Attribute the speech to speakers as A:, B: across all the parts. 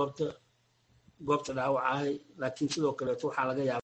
A: goobta goobta dhaawacahay laakiin sidoo kaleeto waxaa laga yaaba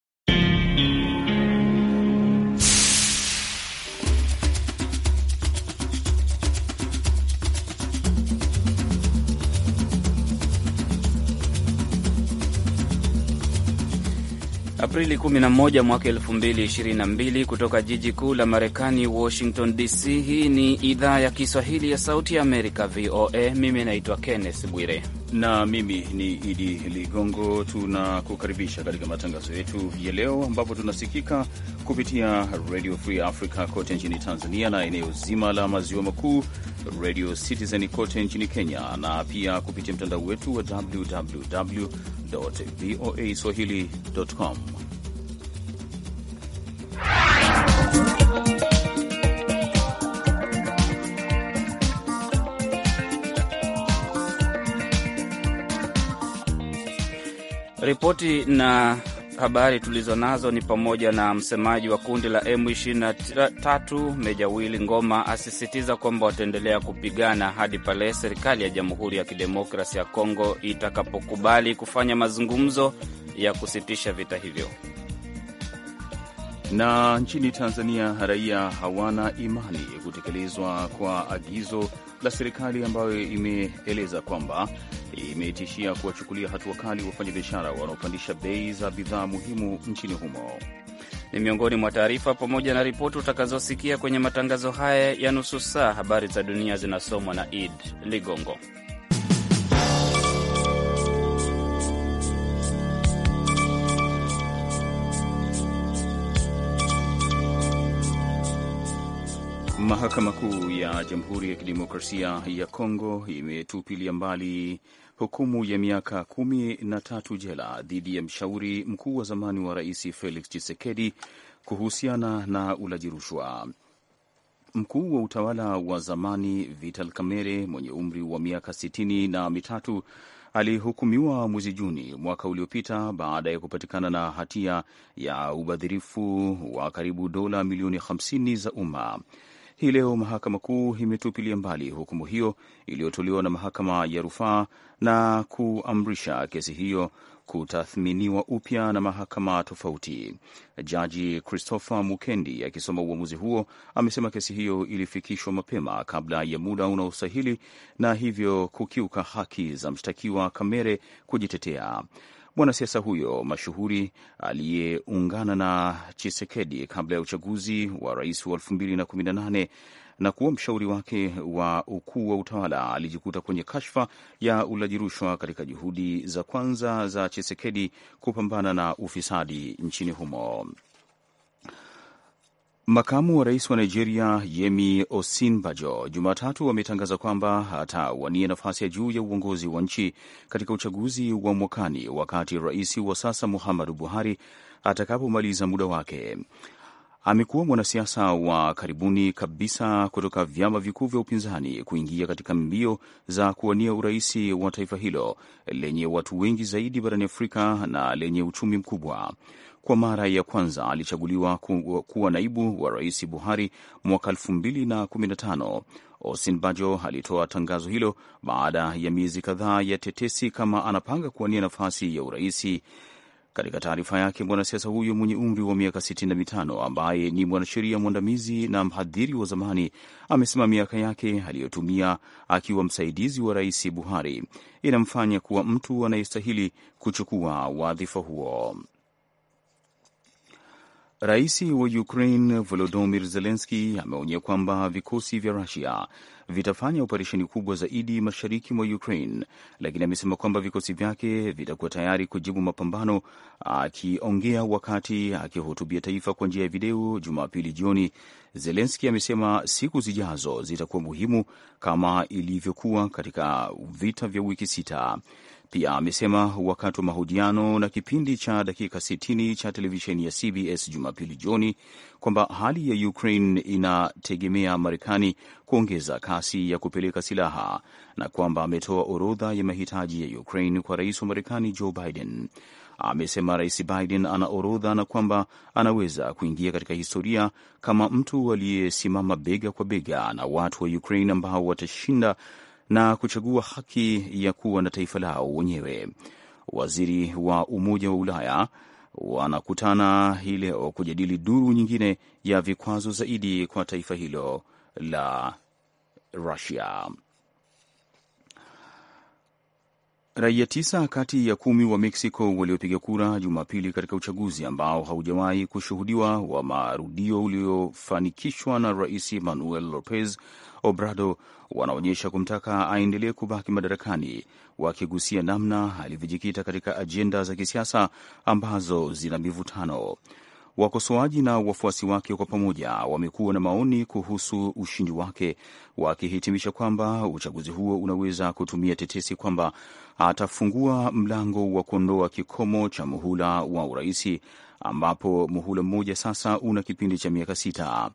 A: Aprili 11 mwaka 2022 kutoka jiji kuu la Marekani, Washington DC. Hii ni idhaa ya Kiswahili ya Sauti ya Amerika, VOA. Mimi naitwa Kenneth Bwire na mimi
B: ni Idi Ligongo. Tunakukaribisha katika matangazo yetu ya leo, ambapo tunasikika kupitia Radio Free Africa kote nchini Tanzania na eneo zima la maziwa makuu, Radio Citizen kote nchini Kenya, na pia kupitia mtandao wetu wa www voa swahili.com.
A: Ripoti na habari tulizo nazo ni pamoja na msemaji wa kundi la M23 Meja Willy Ngoma asisitiza kwamba wataendelea kupigana hadi pale serikali ya Jamhuri ya Kidemokrasi ya Kongo itakapokubali
B: kufanya mazungumzo ya kusitisha vita hivyo. Na nchini Tanzania raia hawana imani kutekelezwa kwa agizo la serikali ambayo imeeleza kwamba imetishia kuwachukulia hatua kali wafanyabiashara wanaopandisha bei za bidhaa muhimu nchini humo.
A: Ni miongoni mwa taarifa pamoja na ripoti utakazosikia kwenye matangazo haya ya nusu saa. Habari za dunia zinasomwa na Id Ligongo.
B: Mahakama Kuu ya Jamhuri ya Kidemokrasia ya Kongo imetupilia mbali hukumu ya miaka kumi na tatu jela dhidi ya mshauri mkuu wa zamani wa rais Felix Tshisekedi kuhusiana na ulaji rushwa. Mkuu wa utawala wa zamani Vital Kamerhe mwenye umri wa miaka sitini na mitatu alihukumiwa mwezi Juni mwaka uliopita baada ya kupatikana na hatia ya ubadhirifu wa karibu dola milioni 50 za umma. Hii leo mahakama kuu imetupilia mbali hukumu hiyo iliyotolewa na mahakama ya rufaa na kuamrisha kesi hiyo kutathminiwa upya na mahakama tofauti. Jaji Christopher Mukendi akisoma uamuzi huo amesema kesi hiyo ilifikishwa mapema kabla ya muda unaostahili na hivyo kukiuka haki za mshtakiwa Kamere kujitetea. Mwanasiasa huyo mashuhuri aliyeungana na Chisekedi kabla ya uchaguzi wa rais wa 2018 na kuwa mshauri wake wa ukuu wa utawala alijikuta kwenye kashfa ya ulaji rushwa katika juhudi za kwanza za Chisekedi kupambana na ufisadi nchini humo. Makamu wa rais wa Nigeria Yemi Osinbajo Jumatatu ametangaza kwamba atawania nafasi ya juu ya uongozi wa nchi katika uchaguzi wa mwakani, wakati rais wa sasa Muhammadu Buhari atakapomaliza muda wake. Amekuwa mwanasiasa wa karibuni kabisa kutoka vyama vikuu vya upinzani kuingia katika mbio za kuwania urais wa taifa hilo lenye watu wengi zaidi barani Afrika na lenye uchumi mkubwa kwa mara ya kwanza alichaguliwa kuwa naibu wa rais Buhari mwaka 2015. Osinbajo alitoa tangazo hilo baada ya miezi kadhaa ya tetesi kama anapanga kuwania nafasi ya uraisi. Katika taarifa yake, mwanasiasa huyo mwenye umri wa miaka 65 ambaye ni mwanasheria mwandamizi na mhadhiri wa zamani amesema miaka yake aliyotumia akiwa msaidizi wa rais Buhari inamfanya kuwa mtu anayestahili kuchukua wadhifa huo. Rais wa Ukraine Volodymyr Zelensky ameonya kwamba vikosi vya Rusia vitafanya operesheni kubwa zaidi mashariki mwa Ukraine, lakini amesema kwamba vikosi vyake vitakuwa tayari kujibu mapambano. Akiongea wakati akihutubia taifa kwa njia ya video Jumapili jioni, zelenski amesema siku zijazo zitakuwa muhimu kama ilivyokuwa katika vita vya wiki sita. Pia amesema wakati wa mahojiano na kipindi cha dakika 60 cha televisheni ya CBS Jumapili jioni kwamba hali ya Ukraine inategemea Marekani kuongeza kasi ya kupeleka silaha na kwamba ametoa orodha ya mahitaji ya Ukraine kwa rais wa Marekani Joe Biden. Amesema Rais Biden ana orodha na kwamba anaweza kuingia katika historia kama mtu aliyesimama bega kwa bega na watu wa Ukraine ambao watashinda na kuchagua haki ya kuwa na taifa lao wenyewe. Waziri wa Umoja wa Ulaya wanakutana hii leo kujadili duru nyingine ya vikwazo zaidi kwa taifa hilo la Rusia. Raia tisa kati ya kumi wa Mexico waliopiga kura Jumapili katika uchaguzi ambao haujawahi kushuhudiwa wa marudio uliofanikishwa na Rais Manuel Lopez Obrador wanaonyesha kumtaka aendelee kubaki madarakani, wakigusia namna alivyojikita katika ajenda za kisiasa ambazo zina mivutano. Wakosoaji na wafuasi wake kwa pamoja wamekuwa na maoni kuhusu ushindi wake, wakihitimisha kwamba uchaguzi huo unaweza kutumia tetesi kwamba atafungua mlango wa kuondoa kikomo cha muhula wa uraisi, ambapo muhula mmoja sasa una kipindi cha miaka sita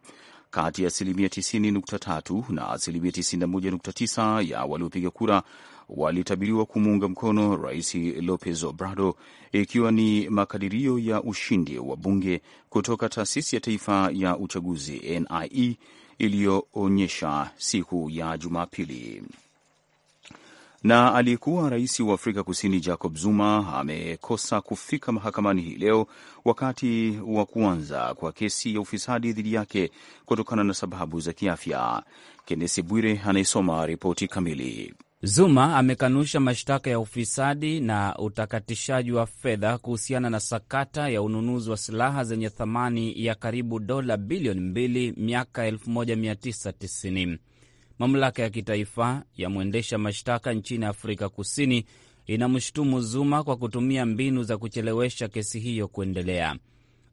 B: kati ya asilimia 90.3 na asilimia 91.9 ya waliopiga kura walitabiriwa kumuunga mkono Rais Lopez Obrador, ikiwa ni makadirio ya ushindi wa bunge kutoka taasisi ya taifa ya uchaguzi NIE iliyoonyesha siku ya Jumapili na aliyekuwa rais wa Afrika Kusini Jacob Zuma amekosa kufika mahakamani hii leo wakati wa kuanza kwa kesi ya ufisadi dhidi yake kutokana na sababu za kiafya. Kennesi Bwire anayesoma ripoti kamili.
A: Zuma amekanusha mashtaka ya ufisadi na utakatishaji wa fedha kuhusiana na sakata ya ununuzi wa silaha zenye thamani ya karibu dola bilioni mbili miaka 1990. Mamlaka ya kitaifa ya mwendesha mashtaka nchini Afrika Kusini inamshutumu Zuma kwa kutumia mbinu za kuchelewesha kesi hiyo kuendelea.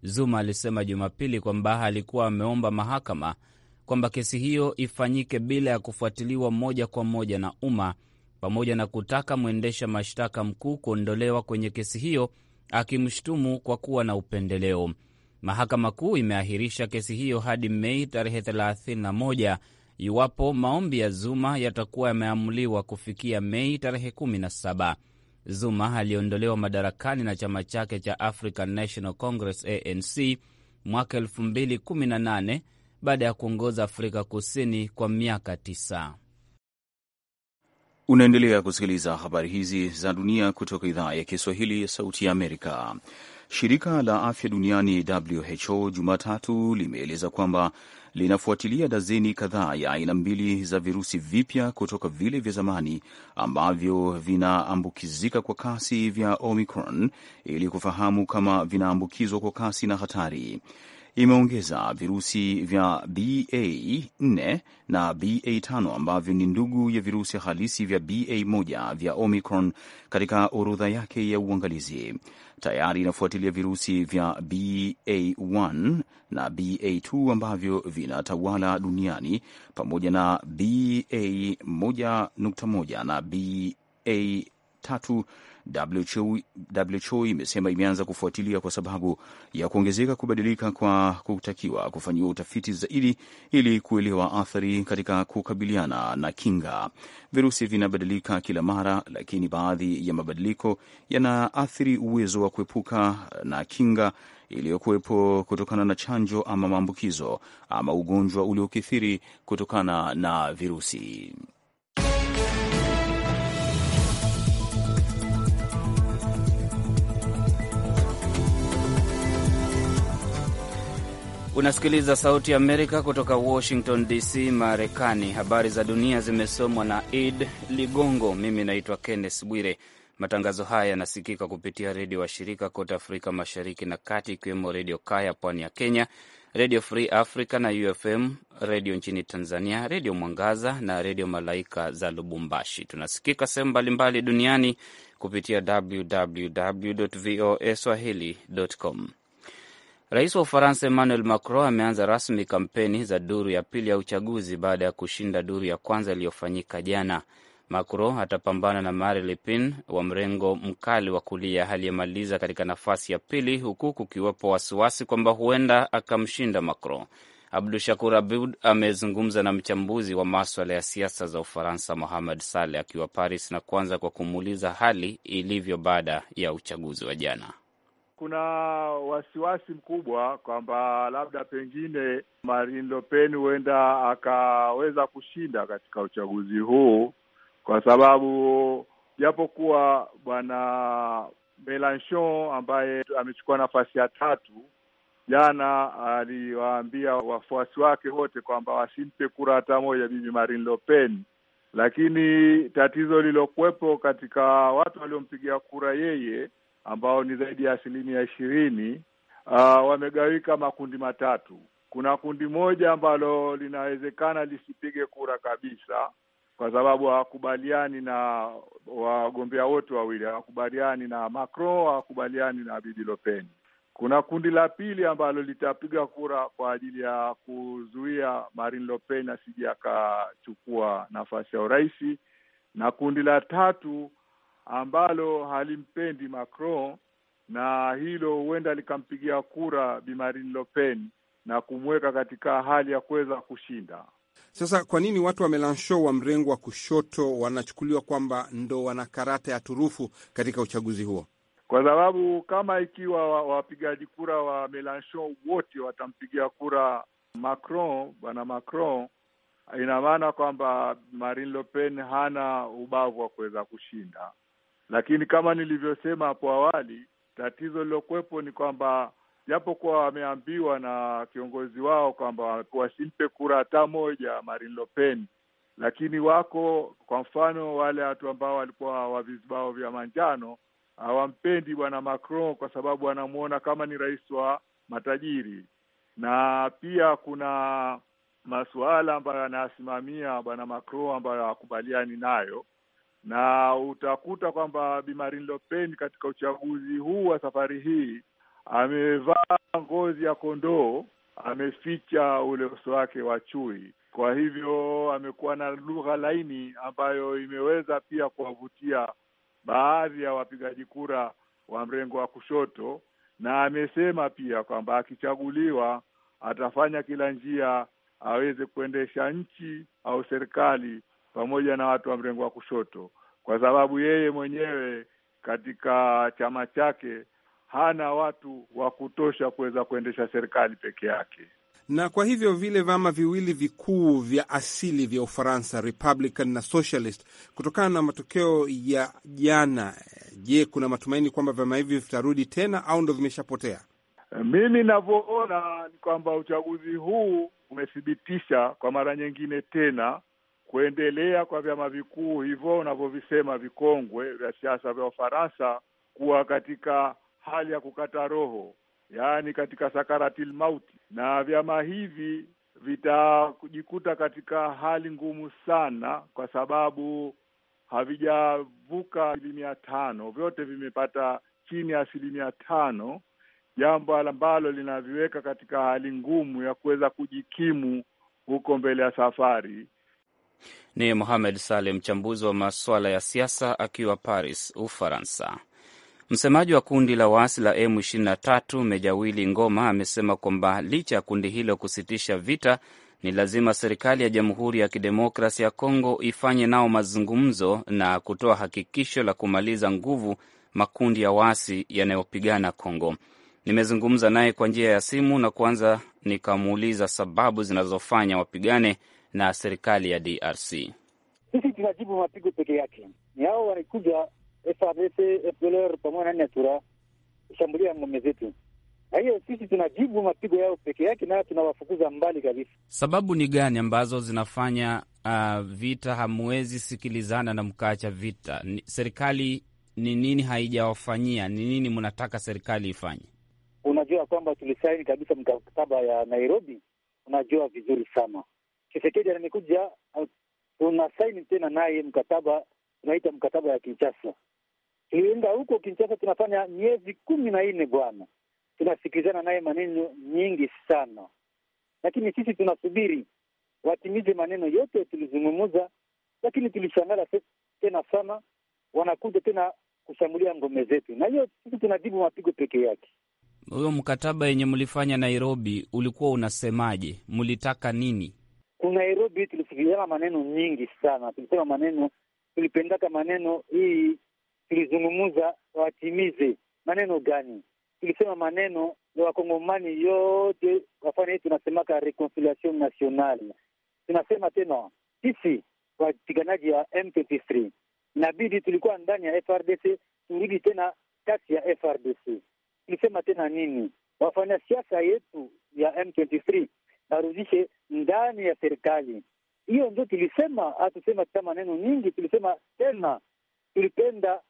A: Zuma alisema Jumapili kwamba alikuwa ameomba mahakama kwamba kesi hiyo ifanyike bila ya kufuatiliwa moja kwa moja na umma, pamoja na kutaka mwendesha mashtaka mkuu kuondolewa kwenye kesi hiyo, akimshutumu kwa kuwa na upendeleo. Mahakama Kuu imeahirisha kesi hiyo hadi Mei tarehe 31 iwapo maombi ya Zuma yatakuwa yameamuliwa kufikia Mei tarehe 17. Zuma aliondolewa madarakani na chama chake cha African National Congress ANC mwaka 2018 baada ya kuongoza Afrika Kusini kwa miaka 9.
B: Unaendelea kusikiliza habari hizi za dunia kutoka idhaa ya Kiswahili ya Sauti ya Amerika. Shirika la Afya Duniani WHO Jumatatu limeeleza kwamba linafuatilia dazeni kadhaa ya aina mbili za virusi vipya kutoka vile vya zamani ambavyo vinaambukizika kwa kasi vya Omicron ili kufahamu kama vinaambukizwa kwa kasi na hatari. Imeongeza virusi vya BA4 na BA5 ambavyo ni ndugu ya virusi halisi vya BA1 vya Omicron katika orodha yake ya uangalizi tayari inafuatilia virusi vya BA1 na BA2 ambavyo vinatawala duniani pamoja na BA1.1 na BA3 WHO imesema imeanza kufuatilia kwa sababu ya kuongezeka kubadilika kwa kutakiwa kufanyiwa utafiti zaidi ili kuelewa athari katika kukabiliana na kinga. Virusi vinabadilika kila mara, lakini baadhi ya mabadiliko yanaathiri uwezo wa kuepuka na kinga iliyokuwepo kutokana na chanjo ama maambukizo ama ugonjwa uliokithiri kutokana na virusi.
A: Unasikiliza Sauti Amerika kutoka Washington DC, Marekani. Habari za dunia zimesomwa na Id Ligongo. Mimi naitwa Kenneth Bwire. Matangazo haya yanasikika kupitia redio wa shirika kote Afrika Mashariki na Kati, ikiwemo Redio Kaya pwani ya Kenya, Redio Free Africa na UFM redio nchini Tanzania, Redio Mwangaza na Redio Malaika za Lubumbashi. Tunasikika sehemu mbalimbali duniani kupitia www voa swahili com Rais wa Ufaransa Emmanuel Macron ameanza rasmi kampeni za duru ya pili ya uchaguzi baada ya kushinda duru ya kwanza iliyofanyika jana. Macron atapambana na Marine Le Pen wa mrengo mkali wa kulia aliyemaliza katika nafasi ya pili, huku kukiwepo wasiwasi kwamba huenda akamshinda Macron. Abdu Shakur Abud amezungumza na mchambuzi wa maswala ya siasa za Ufaransa Mohamed Saleh akiwa Paris, na kuanza kwa kumuuliza hali ilivyo baada ya uchaguzi wa jana
C: kuna wasiwasi mkubwa kwamba labda pengine Marine Le Pen huenda akaweza kushinda katika uchaguzi huu, kwa sababu japokuwa bwana Melanchon ambaye amechukua nafasi ya tatu jana aliwaambia wafuasi wake wote kwamba wasimpe kura hata moja bibi Marine Le Pen, lakini tatizo lilokuwepo katika watu waliompigia kura yeye ambao ni zaidi ya asilimia ishirini uh, wamegawika makundi matatu. Kuna kundi moja ambalo linawezekana lisipige kura kabisa, kwa sababu hawakubaliani na wagombea wote wawili, hawakubaliani na Macron, hawakubaliani na Bibi Lopeni. Kuna kundi la pili ambalo litapiga kura kwa ajili ya kuzuia Marine Le Pen asije akachukua nafasi ya urais, na kundi la tatu ambalo halimpendi Macron na hilo huenda likampigia kura Bi Marine Le Pen na kumweka katika hali ya kuweza kushinda.
D: Sasa kwa nini watu wa Melanchon wa mrengo wa kushoto wanachukuliwa kwamba ndo wana karata ya turufu katika uchaguzi
B: huo?
C: Kwa sababu kama ikiwa wapigaji kura wa Melanchon wote watampigia kura Macron, bwana Macron, ina maana kwamba Marine Le Pen hana ubavu wa kuweza kushinda. Lakini kama nilivyosema hapo awali, tatizo lilokuwepo ni kwamba japokuwa wameambiwa na kiongozi wao kwamba wasimpe kura hata moja Marine Le Pen, lakini wako kwa mfano wale watu ambao walikuwa wa vizibao vya manjano hawampendi bwana Macron kwa sababu wanamwona kama ni rais wa matajiri, na pia kuna masuala ambayo anayasimamia bwana Macron ambayo hawakubaliani nayo na utakuta kwamba Bi Marine Le Pen katika uchaguzi huu wa safari hii amevaa ngozi ya kondoo, ameficha ule uso wake wa chui. Kwa hivyo amekuwa na lugha laini ambayo imeweza pia kuwavutia baadhi ya wapigaji kura wa mrengo wa kushoto, na amesema pia kwamba akichaguliwa atafanya kila njia aweze kuendesha nchi au serikali pamoja na watu wa mrengo wa kushoto, kwa sababu yeye mwenyewe katika chama chake hana watu wa kutosha kuweza kuendesha serikali peke yake.
D: Na kwa hivyo vile vyama viwili vikuu vya asili vya Ufaransa, Republican na Socialist, kutokana na matokeo ya jana, je, kuna
C: matumaini kwamba vyama hivi vitarudi tena au ndo vimeshapotea? Mimi navyoona ni kwamba uchaguzi huu umethibitisha kwa mara nyingine tena kuendelea kwa vyama vikuu hivyo unavyovisema vikongwe vya siasa vya Ufaransa kuwa katika hali ya kukata roho, yaani katika sakaratil mauti, na vyama hivi vitajikuta katika hali ngumu sana, kwa sababu havijavuka asilimia tano, vyote vimepata chini ya asilimia tano, jambo ambalo linaviweka katika hali ngumu ya kuweza kujikimu huko mbele ya safari
A: ni Mohamed Saleh, mchambuzi wa maswala ya siasa akiwa Paris, Ufaransa. Msemaji wa kundi la waasi la M23 Meja Willy Ngoma amesema kwamba licha ya kundi hilo kusitisha vita, ni lazima serikali ya Jamhuri ya Kidemokrasi ya Kongo ifanye nao mazungumzo na kutoa hakikisho la kumaliza nguvu makundi ya waasi yanayopigana Kongo. Nimezungumza naye kwa njia ya simu na kwanza nikamuuliza sababu zinazofanya wapigane na serikali ya DRC.
E: Sisi tunajibu mapigo peke yake, ni hao wanakuja FRDC, FDLR pamoja na Nyatura kushambulia ngome zetu. Kwa hiyo sisi tunajibu mapigo yao peke yake, nayo tunawafukuza mbali kabisa.
A: Sababu ni gani ambazo zinafanya uh, vita hamwezi sikilizana na mkaacha vita? Ni, serikali ni nini haijawafanyia? Ni nini mnataka serikali ifanye?
E: Unajua kwamba tulisaini kabisa mkataba ya Nairobi, unajua vizuri sana Tshisekedi amekuja, uh, tuna saini tena naye mkataba tunaita mkataba ya Kinshasa. Tulienda huko Kinshasa, tunafanya miezi kumi na nne bwana, tunasikilizana naye maneno nyingi sana, lakini sisi tunasubiri watimize maneno yote tulizungumza, lakini tulishangala tena sana, wanakuja tena kushambulia ngome zetu, na hiyo sisi tunajibu mapigo peke yake.
A: Huyo mkataba yenye mlifanya Nairobi ulikuwa unasemaje? Mlitaka nini?
E: kuna Nairobi tulifikiriana maneno nyingi sana, tulisema maneno, tulipendaka maneno hii, tulizungumuza watimize maneno gani? Tulisema maneno ya wakongomani yote wafanye hii, tunasemaka reconciliation nationale. Tunasema tena sisi wapiganaji ya M23 inabidi tulikuwa ndani ya FRDC, turudi tena kati ya FRDC. Tulisema tena nini? Wafanya siasa yetu ya M23 arudishe ndani ya serikali. Hiyo ndio tulisema, hatusema ta maneno nyingi, tulisema tena, tulipenda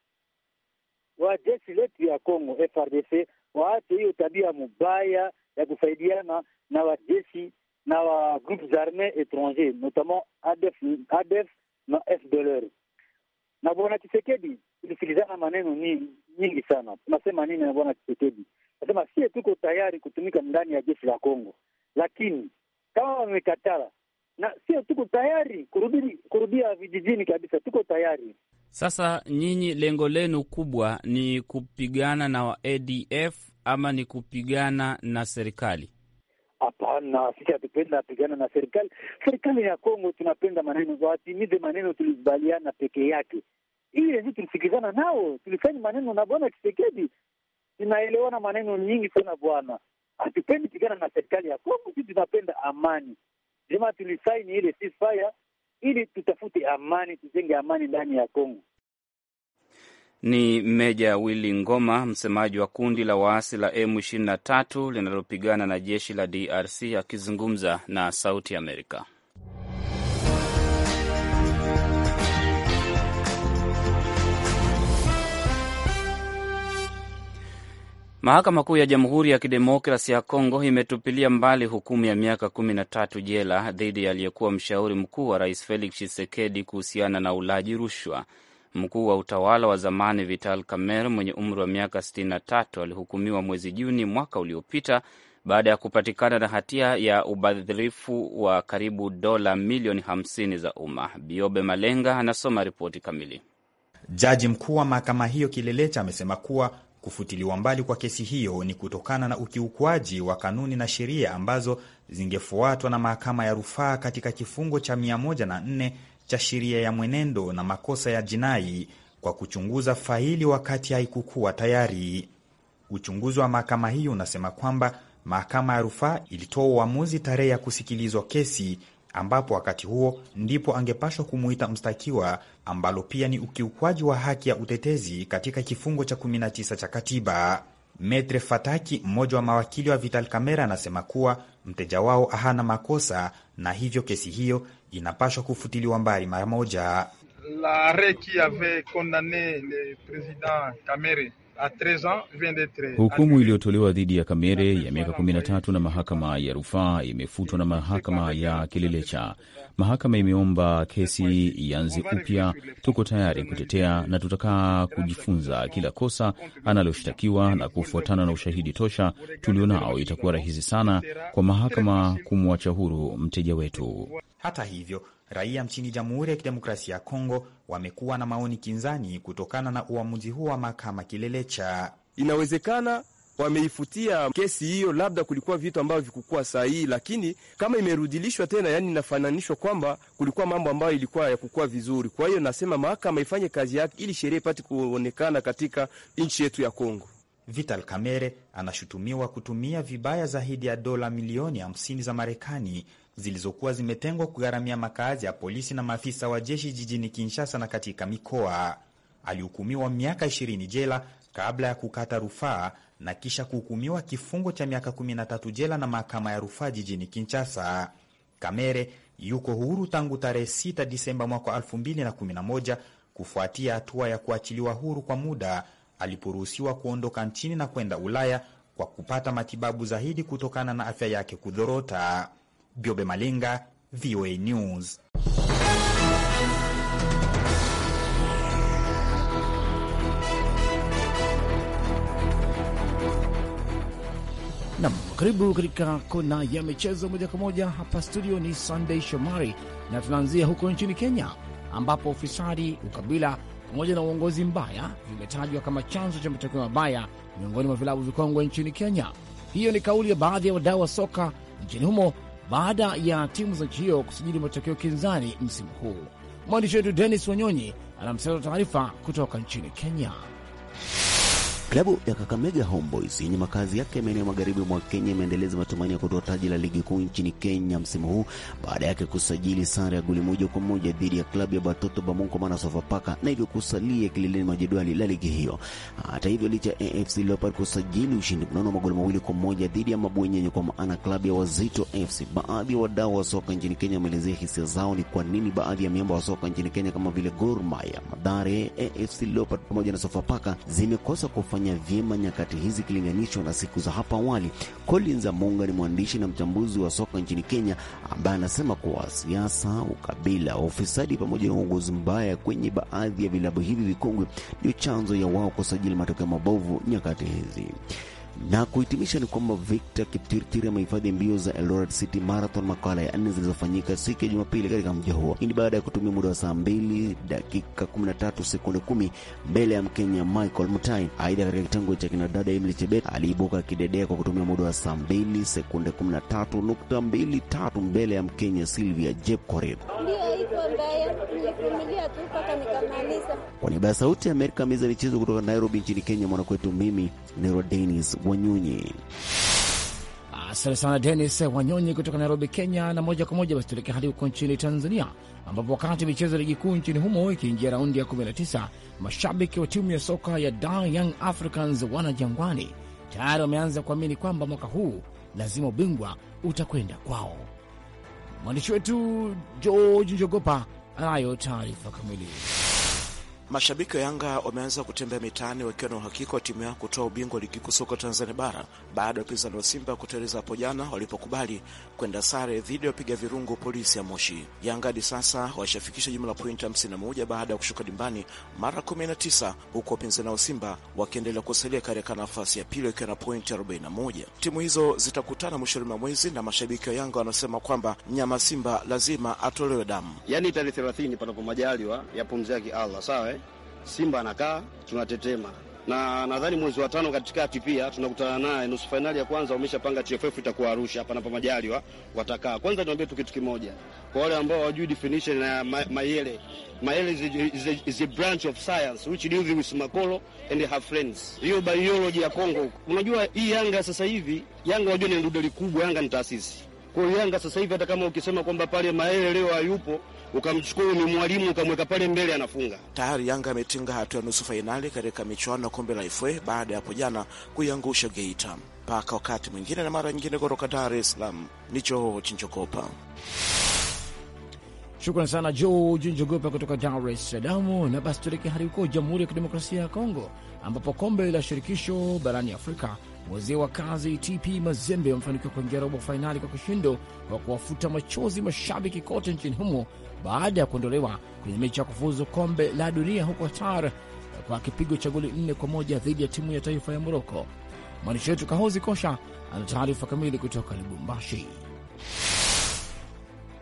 E: wajeshi letu ya Congo FRDC waache hiyo tabia mubaya ya kusaidiana na wajeshi na wa groupe arme étrangers notamment ADF, ADF na FDLR. Na bwana Tshisekedi tulisikilizana maneno nyingi, nyingi sana. Tunasema nini na bwana Tshisekedi? Nasema sie tuko tayari kutumika ndani ya jeshi la Congo, lakini kama wamekataa, na sio tuko tayari kurudi kurudia vijijini kabisa, tuko tayari.
A: Sasa nyinyi lengo lenu kubwa ni kupigana na wa ADF ama ni kupigana na serikali?
E: Hapana, sisi hatupenda pigana na serikali. Serikali ya Kongo tunapenda maneno watimize maneno tulikubaliana peke yake, ili yenyewe tulisikizana nao, tulifanya maneno na bwana Kisekedi, tunaelewana maneno nyingi sana bwana hatupendi pigana na serikali ya Kongo, sisi tunapenda amani. Jamaa tulisaini ile ceasefire ili tutafute amani, tujenge amani ndani ya Kongo.
A: Ni Meja Willy Ngoma, msemaji wa kundi la waasi la M23 linalopigana na jeshi la DRC akizungumza na Sauti Amerika. Mahakama Kuu ya Jamhuri ya Kidemokrasi ya Kongo imetupilia mbali hukumu ya miaka kumi na tatu jela dhidi ya aliyekuwa mshauri mkuu wa rais Felix Tshisekedi kuhusiana na ulaji rushwa. Mkuu wa utawala wa zamani Vital camer mwenye umri wa miaka 63 alihukumiwa mwezi Juni mwaka uliopita baada ya kupatikana na hatia ya ubadhirifu wa karibu dola milioni 50 za umma. Biobe Malenga anasoma ripoti kamili.
D: Jaji mkuu wa mahakama hiyo Kilelecha amesema kuwa Kufutiliwa mbali kwa kesi hiyo ni kutokana na ukiukwaji wa kanuni na sheria ambazo zingefuatwa na mahakama ya rufaa katika kifungo cha 104 cha sheria ya mwenendo na makosa ya jinai kwa kuchunguza faili wakati haikukuwa tayari. Uchunguzi wa mahakama hiyo unasema kwamba mahakama ya rufaa ilitoa uamuzi tarehe ya kusikilizwa kesi ambapo wakati huo ndipo angepaswa kumuita mstakiwa ambalo pia ni ukiukwaji wa haki ya utetezi katika kifungo cha 19 cha katiba. Metre Fataki, mmoja wa mawakili wa Vital camera anasema kuwa mteja wao hana makosa na hivyo kesi hiyo inapaswa kufutiliwa mbali mara
B: moja.
F: La ave condane le Hukumu
B: iliyotolewa dhidi ya Kamere ya miaka 13 na mahakama ya rufaa imefutwa na mahakama ya Kilelecha. Mahakama imeomba kesi ianze upya. Tuko tayari kutetea na tutakaa kujifunza kila kosa analoshtakiwa, na kufuatana na ushahidi tosha tulionao, itakuwa rahisi sana kwa mahakama kumwacha huru mteja wetu.
D: Hata hivyo Raia nchini Jamhuri ya Kidemokrasia ya Kongo wamekuwa na maoni kinzani kutokana na uamuzi huo wa mahakama Kilelecha.
F: inawezekana wameifutia kesi hiyo, labda kulikuwa vitu ambavyo vikukuwa sahihi, lakini kama imerudilishwa tena, yani inafananishwa kwamba kulikuwa mambo ambayo ilikuwa ya kukua vizuri. Kwa hiyo nasema mahakama ifanye kazi yake ili sheria ipate kuonekana katika nchi
D: yetu ya Kongo. Vital Kamerhe anashutumiwa kutumia vibaya zaidi ya dola milioni 50 za Marekani zilizokuwa zimetengwa kugharamia makazi ya polisi na maafisa wa jeshi jijini Kinshasa na katika mikoa. Alihukumiwa miaka 20 jela kabla ya kukata rufaa na kisha kuhukumiwa kifungo cha miaka 13 jela na mahakama ya rufaa jijini Kinshasa. Kamere yuko huru tangu tarehe 6 Disemba mwaka 2011 kufuatia hatua ya kuachiliwa huru kwa muda aliporuhusiwa kuondoka nchini na kwenda Ulaya kwa kupata matibabu zaidi kutokana na afya yake kudhorota. Byobe Malenga, VOA News.
G: Nam, karibu katika kona ya michezo moja kwa moja. Hapa studio ni Sunday Shomari na tunaanzia huko nchini Kenya ambapo ufisadi, ukabila pamoja na uongozi mbaya vimetajwa kama chanzo cha matokeo mabaya miongoni mwa vilabu vikongwe nchini Kenya. Hiyo ni kauli ya baadhi ya wadau wa soka nchini humo baada ya timu za nchi hiyo kusajili matokeo kinzani msimu huu. Mwandishi wetu Denis Wanyonyi anamseta taarifa kutoka nchini Kenya.
H: Klabu ya Kakamega Homeboys yenye makazi yake maeneo magharibi mwa Kenya imeendeleza matumaini ya kutoa taji la ligi kuu nchini Kenya msimu huu baada yake kusajili sare ya goli moja kwa moja dhidi ya klabu ya Batoto Bamongo Mana Sofapaka na hivyo kusalia kileleni mwa jedwali la ligi hiyo. Hata hivyo, licha ya AFC Leopards kusajili ushindi mnono magoli mawili kwa moja dhidi ya mabwenyenye kwa maana klabu ya Wazito FC, baadhi ya wadau wa soka nchini Kenya wameelezea hisia zao ni kwa nini baadhi ya miamba wa soka nchini Kenya kama vile Gor Mahia, Mathare, AFC Leopards pamoja na Sofapaka zimekosa kufanya kufanya vyema nyakati hizi ikilinganishwa na siku za hapo awali. Collins Amonga ni mwandishi na mchambuzi wa soka nchini Kenya, ambaye anasema kuwa siasa, ukabila, ufisadi pamoja na uongozi mbaya kwenye baadhi ya vilabu hivi vikongwe ndio chanzo ya wao kusajili matokeo mabovu nyakati hizi. Na kuhitimisha ni kwamba Victor Kiptirtiri amehifadhi mbio za Eldoret City Marathon, makala ya nne zilizofanyika siku ya Jumapili katika mji huo. Hii ni baada ya kutumia muda wa saa 2 dakika 13 sekunde kumi mbele ya Mkenya Michael Mutai. Aidha, katika kitengo cha kinadada Emily Chebet aliibuka akidedea kwa kutumia muda wa saa 2 sekunde 13.23 mbele ya Mkenya Sylvia Jepkorir. Kwa niaba ya Sauti ya Amerika, meza michezo kutoka Nairobi nchini Kenya, mwanakwetu mimi Nero Dennis Wanyonyi.
G: Asante sana Denis Wanyonyi kutoka Nairobi, Kenya. Na moja kwa moja basi tuelekea hadi huko nchini Tanzania, ambapo wakati michezo ya ligi kuu nchini humo ikiingia raundi ya 19 mashabiki wa timu ya soka ya Dar Young Africans wana Jangwani tayari wameanza kuamini kwamba mwaka huu lazima ubingwa utakwenda kwao. Mwandishi wetu George Njogopa anayo taarifa kamili.
H: Mashabiki wa Yanga wameanza kutembea mitaani wakiwa na uhakika wa timu yao kutoa ubingwa wa ligi kuu soka Tanzania bara baada ya upinzani wa Simba kuteleza hapo jana walipokubali kwenda sare dhidi ya wapiga virungu polisi ya Moshi. Yanga hadi sasa washafikisha jumla pointi 51 baada ya kushuka dimbani mara 19 huku wapinzani wa Simba wakiendelea kusalia katika nafasi ya pili wakiwa na pointi 41. Timu hizo zitakutana mwishoni mwa mwezi, na mashabiki wa Yanga wanasema kwamba mnyama Simba lazima atolewe damu. yani tarehe 30 panapo majaliwa, yapumzake Allah, sawa eh? Simba anakaa, tunatetema na nadhani mwezi wa tano katikati pia tunakutana naye nusu fainali ya kwanza. Wameshapanga TFF itakuwa Arusha hapa, napo majaliwa watakaa. Kwanza niambie tu kitu kimoja kwa wale ambao hawajui definition ya Mayele. Mayele is a, is, is a branch of science which deals with makolo and her friends, hiyo biology ya Kongo. Unajua hii Yanga sasa hivi, Yanga wajua ni ndudeli kubwa, Yanga ni taasisi kwa hiyo Yanga sasa hivi hata kama ukisema kwamba pale Maele leo hayupo, ukamchukua ni mwalimu ukamweka pale mbele anafunga. Tayari Yanga ametinga hatua ya nusu fainali katika michuano ya kombe la FA baada ya hapo jana kuiangusha Geita. Mpaka wakati mwingine na mara nyingine, kutoka Dar es Salaam ni Joho Chinjogopa.
G: Shukran sana Joe Jinjogopa kutoka Dar es Salaam. Na basi tuelekee hadi huko Jamhuri ya Kidemokrasia ya Kongo ambapo kombe la shirikisho barani Afrika wazee wa kazi TP Mazembe wamefanikiwa kuingia robo fainali kwa kishindo kwa kuwafuta machozi mashabiki kote nchini humo baada ya kuondolewa kwenye mechi ya kufuzu kombe la dunia huko Qatar kwa kipigo cha goli nne kwa moja dhidi ya timu ya taifa ya Moroko. Mwandishi wetu Kahozi Kosha ana taarifa kamili kutoka Lubumbashi.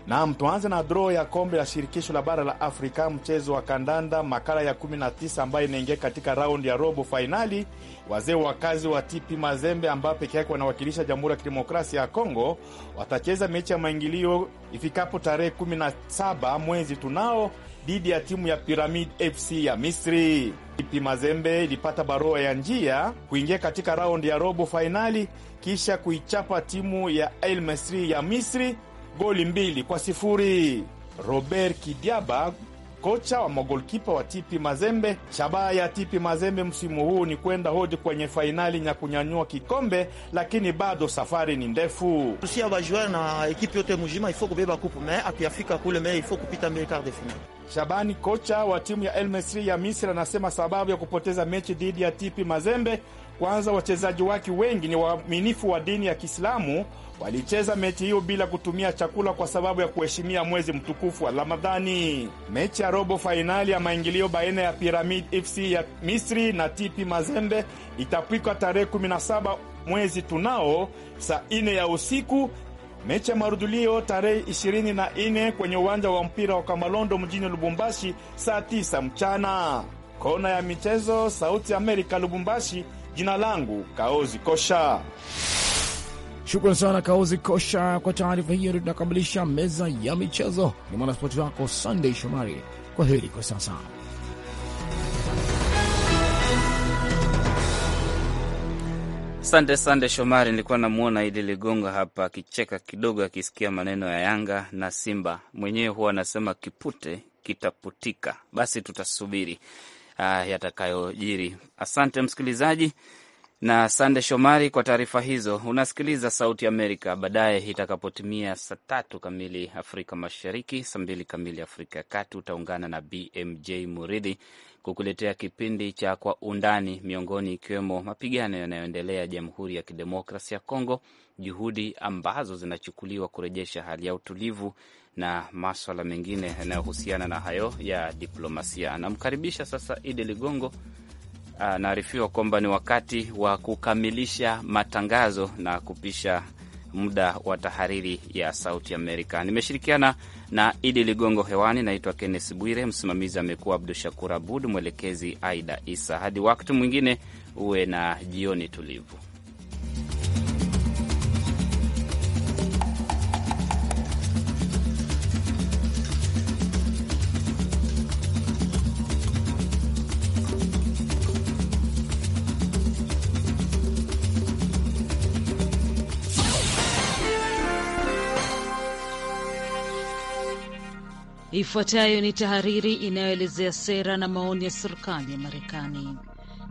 G: Naam, tuanze na draw ya kombe la shirikisho la bara la
F: Afrika, mchezo wa kandanda, makala ya 19 ambayo inaingia katika raundi ya robo fainali. Wazee wakazi wa TP Mazembe ambao peke yake wanawakilisha Jamhuri ya Kidemokrasia ya Kongo watacheza mechi ya maingilio ifikapo tarehe 17 mwezi tunao dhidi ya timu ya Pyramid FC ya Misri. TP Mazembe ilipata barua ya njia kuingia katika raundi ya robo fainali kisha kuichapa timu ya El ya Misri goli mbili kwa sifuri. Robert Kidiaba kocha wa magolkipa wa Tipi Mazembe. Shabaha ya Tipi Mazembe msimu huu ni kwenda hodi kwenye fainali na kunyanyua kikombe, lakini bado safari ni ndefu. Tusia bajuer na ekipi yote mujima ifo kubeba kupu me akiafika kule me ifo kupita mbele kar de Shabani, kocha wa timu ya El Mesri ya Misri, anasema sababu ya kupoteza mechi dhidi ya Tipi Mazembe, kwanza wachezaji wake wengi ni waaminifu wa dini ya Kiislamu Walicheza mechi hiyo bila kutumia chakula kwa sababu ya kuheshimia mwezi mtukufu wa Ramadhani. Mechi ya robo fainali ya maingilio baina ya Pyramid FC ya Misri na TP Mazembe itapikwa tarehe 17 mwezi tunao saa 4 ya usiku. Mechi ya marudhulio tarehe 24 kwenye uwanja wa mpira wa Kamalondo mjini Lubumbashi saa 9 mchana. Kona ya michezo, Sauti Amerika, Lubumbashi. Jina langu Kaozi Kosha.
G: Shukran sana Kauzi Kosha kwa taarifa hiyo. Ndio tunakamilisha meza ya michezo. Ni mwanaspoti wako Sunday Shomari. Kwa heri kwa sasa.
A: Asante sante Shomari. Nilikuwa namwona Idi Ligongo hapa akicheka kidogo, akisikia maneno ya Yanga na Simba. Mwenyewe huwa anasema kipute kitaputika. Basi tutasubiri ah, yatakayojiri. Asante msikilizaji na Sande Shomari kwa taarifa hizo. Unasikiliza Sauti Amerika baadaye itakapotimia saa tatu kamili Afrika Mashariki, saa mbili kamili Afrika ya Kati. Utaungana na BMJ Muridhi kukuletea kipindi cha Kwa Undani, miongoni ikiwemo mapigano yanayoendelea Jamhuri ya Kidemokrasia ya Kongo, juhudi ambazo zinachukuliwa kurejesha hali ya utulivu na maswala mengine yanayohusiana na hayo ya diplomasia. Namkaribisha sasa Idi Ligongo anaarifiwa kwamba ni wakati wa kukamilisha matangazo na kupisha muda wa tahariri ya Sauti Amerika. Nimeshirikiana na Idi Ligongo hewani. Naitwa kennes Bwire, msimamizi amekuwa Abdu Shakur Abud, mwelekezi Aida Isa. Hadi wakati mwingine, uwe na jioni tulivu.
I: Ifuatayo ni tahariri inayoelezea sera na maoni ya serikali ya Marekani.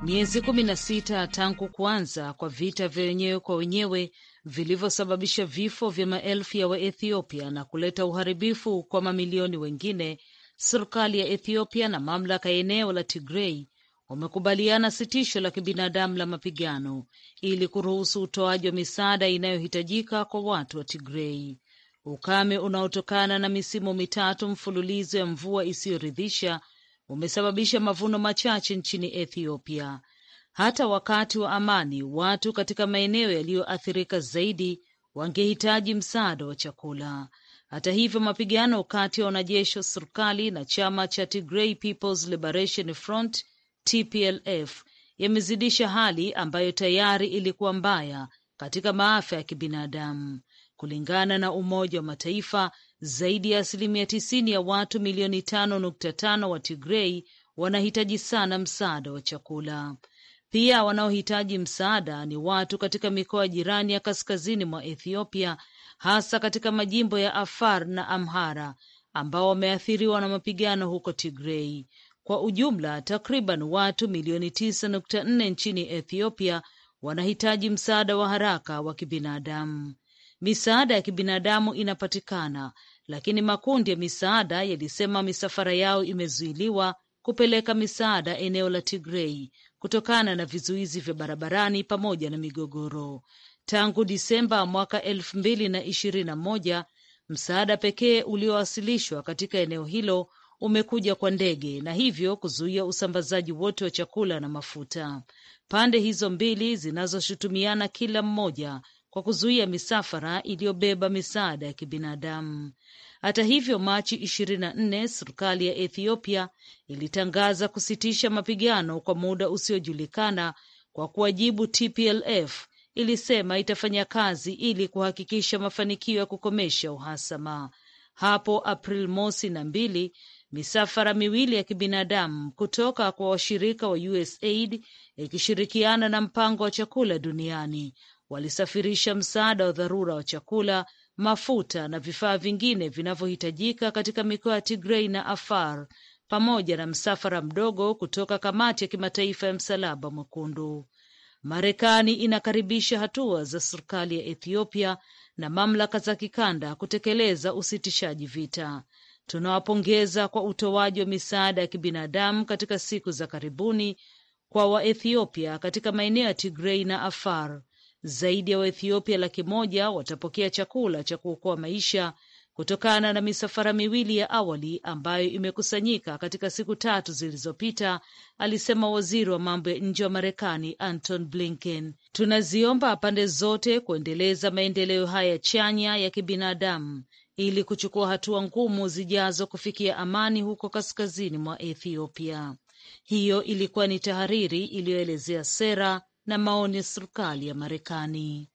I: Miezi kumi na sita tangu kuanza kwa vita vya wenyewe kwa wenyewe vilivyosababisha vifo vya maelfu ya Waethiopia na kuleta uharibifu kwa mamilioni wengine, serikali ya Ethiopia na mamlaka ya eneo la Tigrei wamekubaliana sitisho la kibinadamu la mapigano ili kuruhusu utoaji wa misaada inayohitajika kwa watu wa Tigrei. Ukame unaotokana na misimu mitatu mfululizo ya mvua isiyoridhisha umesababisha mavuno machache nchini Ethiopia. Hata wakati wa amani, watu katika maeneo yaliyoathirika zaidi wangehitaji msaada wa chakula. Hata hivyo, mapigano kati ya wanajeshi wa serikali na chama cha Tigray People's Liberation Front TPLF yamezidisha hali ambayo tayari ilikuwa mbaya katika maafa ya kibinadamu. Kulingana na Umoja wa Mataifa, zaidi ya asilimia tisini ya watu milioni tano nukta tano wa Tigrei wanahitaji sana msaada wa chakula. Pia wanaohitaji msaada ni watu katika mikoa jirani ya kaskazini mwa Ethiopia, hasa katika majimbo ya Afar na Amhara ambao wameathiriwa na mapigano huko Tigrei. Kwa ujumla, takriban watu milioni tisa nukta nne nchini Ethiopia wanahitaji msaada wa haraka wa kibinadamu misaada ya kibinadamu inapatikana, lakini makundi ya misaada yalisema misafara yao imezuiliwa kupeleka misaada eneo la Tigrei kutokana na vizuizi vya barabarani pamoja na migogoro. Tangu Disemba mwaka elfu mbili na ishirini na moja, msaada pekee uliowasilishwa katika eneo hilo umekuja kwa ndege na hivyo kuzuia usambazaji wote wa chakula na mafuta. Pande hizo mbili zinazoshutumiana kila mmoja kwa kuzuia misafara iliyobeba misaada ya kibinadamu. Hata hivyo, Machi 24 na serikali ya Ethiopia ilitangaza kusitisha mapigano kwa muda usiojulikana kwa kuwajibu TPLF ilisema itafanya kazi ili kuhakikisha mafanikio ya kukomesha uhasama. Hapo April mosi na mbili, misafara miwili ya kibinadamu kutoka kwa washirika wa USAID ikishirikiana na mpango wa chakula duniani walisafirisha msaada wa dharura wa chakula, mafuta na vifaa vingine vinavyohitajika katika mikoa ya Tigrei na Afar pamoja na msafara mdogo kutoka Kamati ya Kimataifa ya Msalaba Mwekundu. Marekani inakaribisha hatua za serikali ya Ethiopia na mamlaka za kikanda kutekeleza usitishaji vita. Tunawapongeza kwa utoaji wa misaada ya kibinadamu katika siku za karibuni kwa Waethiopia katika maeneo ya Tigrei na Afar zaidi ya Waethiopia laki moja watapokea chakula cha kuokoa maisha kutokana na misafara miwili ya awali ambayo imekusanyika katika siku tatu zilizopita, alisema waziri wa mambo ya nje wa Marekani Anton Blinken. Tunaziomba pande zote kuendeleza maendeleo haya chanya ya kibinadamu ili kuchukua hatua ngumu zijazo kufikia amani huko kaskazini mwa Ethiopia. Hiyo ilikuwa ni tahariri iliyoelezea sera, na maoni ya serikali ya Marekani.